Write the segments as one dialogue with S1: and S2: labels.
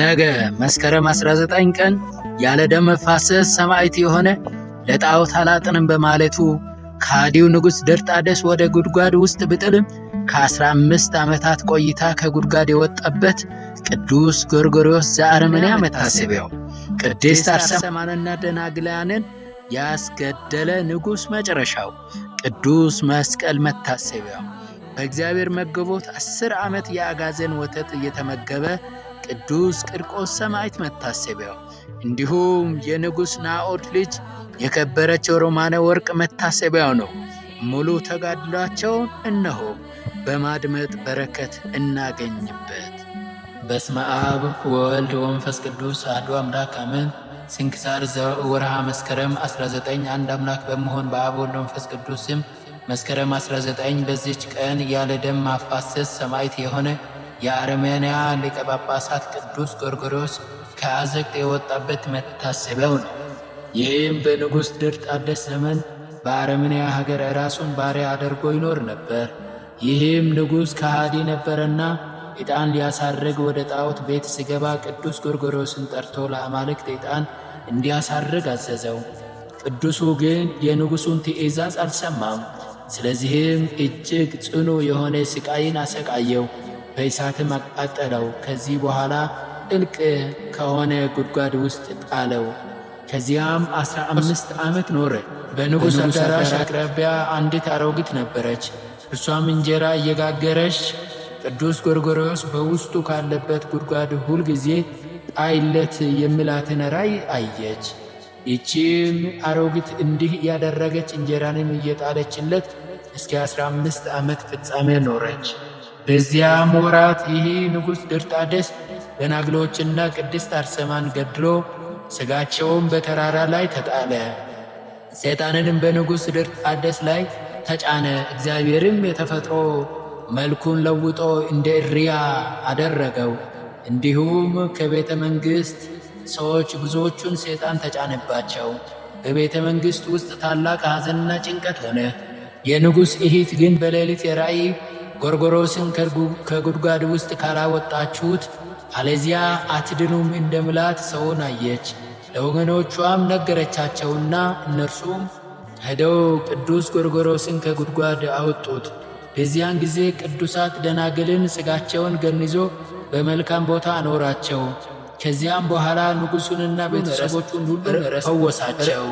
S1: ነገ መስከረም 19 ቀን ያለ ደም መፋሰስ ሰማዕት የሆነ ለጣዖት አላጥንም በማለቱ ከሃዲው ንጉሥ ድርጣደስ ወደ ጉድጓድ ውስጥ ብጥልም ከ15 ዓመታት ቆይታ ከጉድጓድ የወጣበት ቅዱስ ጎርጎርዮስ ዘአርመንያ መታሰቢያው ቅድስት አርሴማንና ደናግላያንን ያስገደለ ንጉሥ መጨረሻው ቅዱስ መስቀል መታሰቢያው በእግዚአብሔር መገቦት አስር ዓመት የአጋዘን ወተት እየተመገበ ቅዱስ ቂርቆስ ሰማዕት መታሰቢያው እንዲሁም የንጉሥ ናዖድ ልጅ የከበረችው ሮማነ ወርቅ መታሰቢያው ነው። ሙሉ ተጋድሏቸውን እነሆ በማድመጥ በረከት እናገኝበት። በስመ አብ ወወልድ ወመንፈስ ቅዱስ አሐዱ አምላክ አሜን። ስንክሳር ወርሃ መስከረም 19 አንድ አምላክ በመሆን በአብ ወልድ መንፈስ ቅዱስ ስም መስከረም 19 በዚች ቀን ያለ ደም ማፋሰስ ሰማዕት የሆነ የአርሜንያ ሊቀ ጳጳሳት ቅዱስ ጎርጎሮስ ከአዘቅት የወጣበት መታሰቢያው ነው። ይህም በንጉሥ ድርጣደስ ዘመን በአርሜንያ ሀገር ራሱን ባሪያ አድርጎ ይኖር ነበር። ይህም ንጉሥ ከሃዲ ነበረና ዕጣን ሊያሳርግ ወደ ጣዖት ቤት ሲገባ ቅዱስ ጎርጎሮስን ጠርቶ ለአማልክት ዕጣን እንዲያሳርግ አዘዘው። ቅዱሱ ግን የንጉሡን ትእዛዝ አልሰማም። ስለዚህም እጅግ ጽኑ የሆነ ሥቃይን አሰቃየው። በእሳትም አቃጠለው። ከዚህ በኋላ ጥልቅ ከሆነ ጉድጓድ ውስጥ ጣለው። ከዚያም አስራ አምስት ዓመት ኖረ። በንጉሥ አዳራሽ አቅራቢያ አንዲት አሮጊት ነበረች። እርሷም እንጀራ እየጋገረች ቅዱስ ጎርጎርዮስ በውስጡ ካለበት ጉድጓድ ሁል ጊዜ ጣይለት የሚላትን ራእይ አየች። ይቺም አሮጊት እንዲህ እያደረገች እንጀራንም እየጣለችለት እስከ አስራ አምስት ዓመት ፍጻሜ ኖረች። በዚያም ወራት ይህ ንጉሥ ድርጣደስ ደናግሎችና ቅድስት አርሴማን ገድሎ ሥጋቸውም በተራራ ላይ ተጣለ። ሰይጣንንም በንጉሥ ድርጣድስ ላይ ተጫነ። እግዚአብሔርም የተፈጥሮ መልኩን ለውጦ እንደ እሪያ አደረገው። እንዲሁም ከቤተ መንግሥት ሰዎች ብዙዎቹን ሰይጣን ተጫነባቸው። በቤተ መንግሥት ውስጥ ታላቅ ሐዘንና ጭንቀት ሆነ። የንጉሥ እህት ግን በሌሊት የራእይ ጎርጎሮስን ከጉድጓድ ውስጥ ካላወጣችሁት አለዚያ አትድኑም እንደምላት ሰውን አየች። ለወገኖቿም ነገረቻቸውና እነርሱም ሄደው ቅዱስ ጎርጎሮስን ከጉድጓድ አወጡት። በዚያን ጊዜ ቅዱሳት ደናግልን ሥጋቸውን ገንዞ በመልካም ቦታ አኖራቸው። ከዚያም በኋላ ንጉሡንና ቤተሰቦቹን ሁሉ ፈወሳቸው።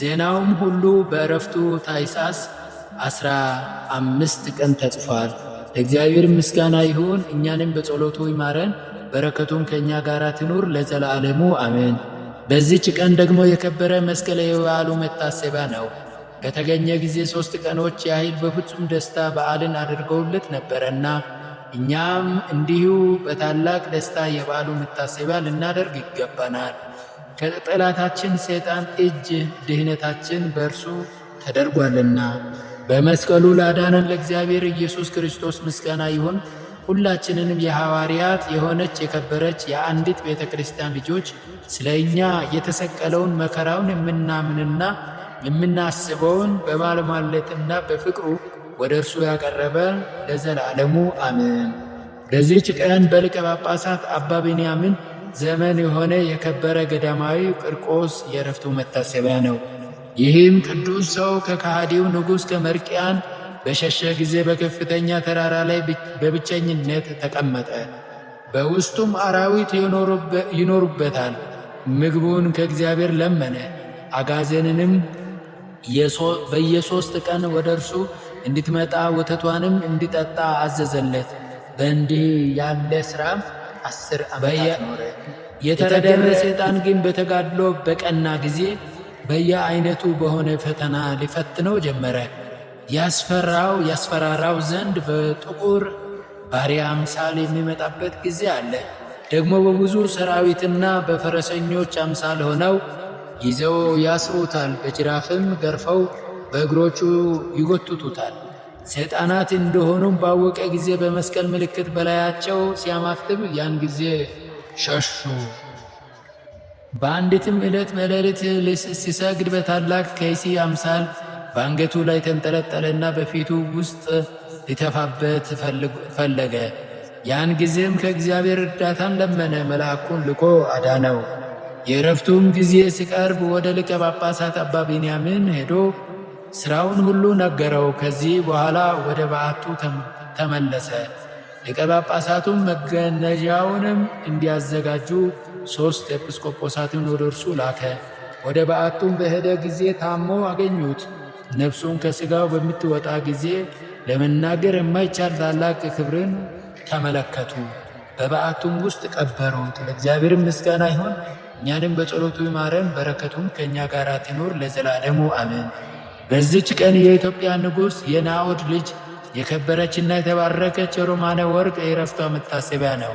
S1: ዜናውም ሁሉ በዕረፍቱ ታይሳስ አስራ አምስት ቀን ተጽፏል። ለእግዚአብሔር ምስጋና ይሁን። እኛንም በጸሎቱ ይማረን፣ በረከቱም ከእኛ ጋር ትኑር ለዘላለሙ አሜን። በዚች ቀን ደግሞ የከበረ መስቀል የበዓሉ መታሰቢያ ነው። በተገኘ ጊዜ ሦስት ቀኖች ያህል በፍጹም ደስታ በዓልን አድርገውለት ነበረና እኛም እንዲሁ በታላቅ ደስታ የበዓሉ መታሰቢያ ልናደርግ ይገባናል። ከጠላታችን ሰይጣን እጅ ድህነታችን በእርሱ ተደርጓልና በመስቀሉ ላዳነን ለእግዚአብሔር ኢየሱስ ክርስቶስ ምስጋና ይሁን። ሁላችንንም የሐዋርያት የሆነች የከበረች የአንዲት ቤተ ክርስቲያን ልጆች ስለ እኛ የተሰቀለውን መከራውን የምናምንና የምናስበውን በማልማለትና በፍቅሩ ወደ እርሱ ያቀረበ ለዘላለሙ አሜን። በዚች ቀን በሊቀ ጳጳሳት አባ ቤንያምን ዘመን የሆነ የከበረ ገዳማዊ ቅርቆስ የዕረፍቱ መታሰቢያ ነው። ይህም ቅዱስ ሰው ከከሃዲው ንጉሥ ከመርቅያን በሸሸ ጊዜ በከፍተኛ ተራራ ላይ በብቸኝነት ተቀመጠ። በውስጡም አራዊት ይኖሩበታል። ምግቡን ከእግዚአብሔር ለመነ። አጋዘንንም በየሦስት ቀን ወደ እርሱ እንድትመጣ ወተቷንም እንዲጠጣ አዘዘለት። በእንዲህ ያለ ሥራ አስር ዓመታት ኖረ። የተረደመ ሰይጣን ግን በተጋድሎ በቀና ጊዜ በየአይነቱ በሆነ ፈተና ሊፈትነው ጀመረ። ያስፈራው ያስፈራራው ዘንድ በጥቁር ባሪያ አምሳል የሚመጣበት ጊዜ አለ። ደግሞ በብዙ ሰራዊትና በፈረሰኞች አምሳል ሆነው ይዘው ያስሩታል፣ በጅራፍም ገርፈው በእግሮቹ ይጎትቱታል። ሰይጣናት እንደሆኑም ባወቀ ጊዜ በመስቀል ምልክት በላያቸው ሲያማፍትም ያን ጊዜ ሸሹ። በአንዲትም ዕለት በሌሊት ሲሰግድ በታላቅ ከይሲ አምሳል በአንገቱ ላይ ተንጠለጠለና በፊቱ ውስጥ ሊተፋበት ፈለገ። ያን ጊዜም ከእግዚአብሔር እርዳታን ለመነ፣ መልአኩን ልኮ አዳነው። የእረፍቱም ጊዜ ሲቀርብ ወደ ሊቀ ጳጳሳት አባ ቢንያምን ሄዶ ሥራውን ሁሉ ነገረው። ከዚህ በኋላ ወደ በዓቱ ተመለሰ። ሊቀ ጳጳሳቱም መገነዣውንም እንዲያዘጋጁ ሦስት ኤጲስቆጶሳትን ወደ እርሱ ላከ። ወደ በዓቱም በሄደ ጊዜ ታሞ አገኙት። ነፍሱን ከሥጋው በምትወጣ ጊዜ ለመናገር የማይቻል ታላቅ ክብርን ተመለከቱ። በበዓቱም ውስጥ ቀበሩት። ለእግዚአብሔር ምስጋና ይሁን። እኛንም በጸሎቱ ይማረን፣ በረከቱም ከእኛ ጋር ትኖር ለዘላለሙ አምን። በዚች ቀን የኢትዮጵያ ንጉሥ የናዖድ ልጅ የከበረችና የተባረከች የሮማነ ወርቅ የረፍቷ መታሰቢያ ነው።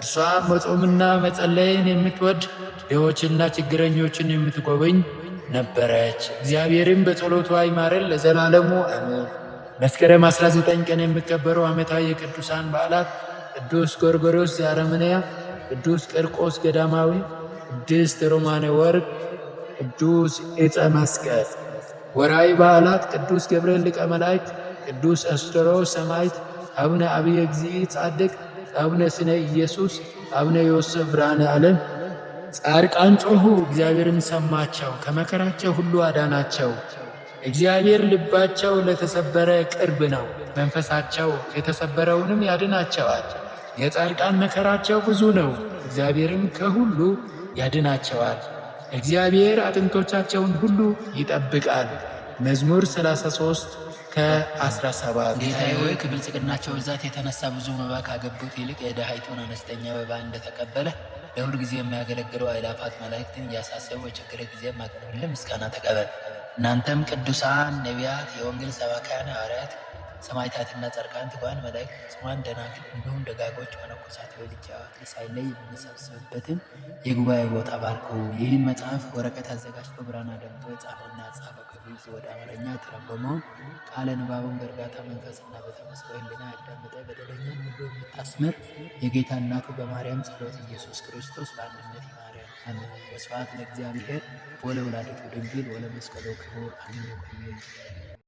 S1: እርሷም መጾምና መጸለይን የምትወድ ድሆችና ችግረኞችን የምትጎበኝ ነበረች። እግዚአብሔርም በጸሎቷ ይማረን ለዘላለሙ አሜን። መስከረም 19 ቀን የሚከበረው ዓመታዊ የቅዱሳን በዓላት ቅዱስ ጎርጎርዮስ ዘአርመንያ፣ ቅዱስ ቂርቆስ ገዳማዊ፣ ቅድስት ሮማነ ወርቅ፣ ቅዱስ ዕፀ መስቀል። ወርኃዊ በዓላት ቅዱስ ገብርኤል ሊቀ መላእክት፣ ቅዱስ አስተርዮ ሰማዕት፣ አቡነ አብየ እግዚእ ጻድቅ አቡነ ስነ ኢየሱስ፣ አቡነ ዮሴፍ ብርሃነ ዓለም ጻድቃን ጮኹ፣ እግዚአብሔርም ሰማቸው፣ ከመከራቸው ሁሉ አዳናቸው። እግዚአብሔር ልባቸው ለተሰበረ ቅርብ ነው፣ መንፈሳቸው የተሰበረውንም ያድናቸዋል። የጻድቃን መከራቸው ብዙ ነው፣ እግዚአብሔርም ከሁሉ ያድናቸዋል። እግዚአብሔር አጥንቶቻቸውን ሁሉ ይጠብቃል። መዝሙር 33 ከ17
S2: ጌታዬ ሆይ ከብልጽግናቸው ብዛት የተነሳ ብዙ መባ ካገቡት ይልቅ የድሃይቱን አነስተኛ መባ እንደተቀበለ ለሁል ጊዜ የሚያገለግለው አይላፋት መላእክትን እያሳሰቡ የችግር ጊዜ ማቅረብልን ምስጋና ተቀበል። እናንተም ቅዱሳን ነቢያት፣ የወንጌል ሰባካያን ሐዋርያት ሰማዕታትና ጻድቃን፣ ትጉሃን መላእክት፣ ጽዋን ደናግል እንዲሁም ደጋጎች መነኮሳት በልጃ ሳይለይ የምንሰብሰብበትን የጉባኤ ቦታ ባርኩ። ይህን መጽሐፍ ወረቀት አዘጋጅቶ ብራና ደምጦ የጻፈና ጻፈ ከግዕዝ ወደ አማርኛ የተረጎመውን ቃለ ንባቡን በእርጋታ መንፈስና በተመስጦ ሕሊና ያዳመጠ በደለኛን ሁሉ የምታስምር የጌታ እናቱ በማርያም ጸሎት ኢየሱስ ክርስቶስ በአንድነት ማርያም አሜን። ወስብሐት ለእግዚአብሔር ወለወላዲቱ ድንግል ወለመስቀሉ ክቡር። አሜን።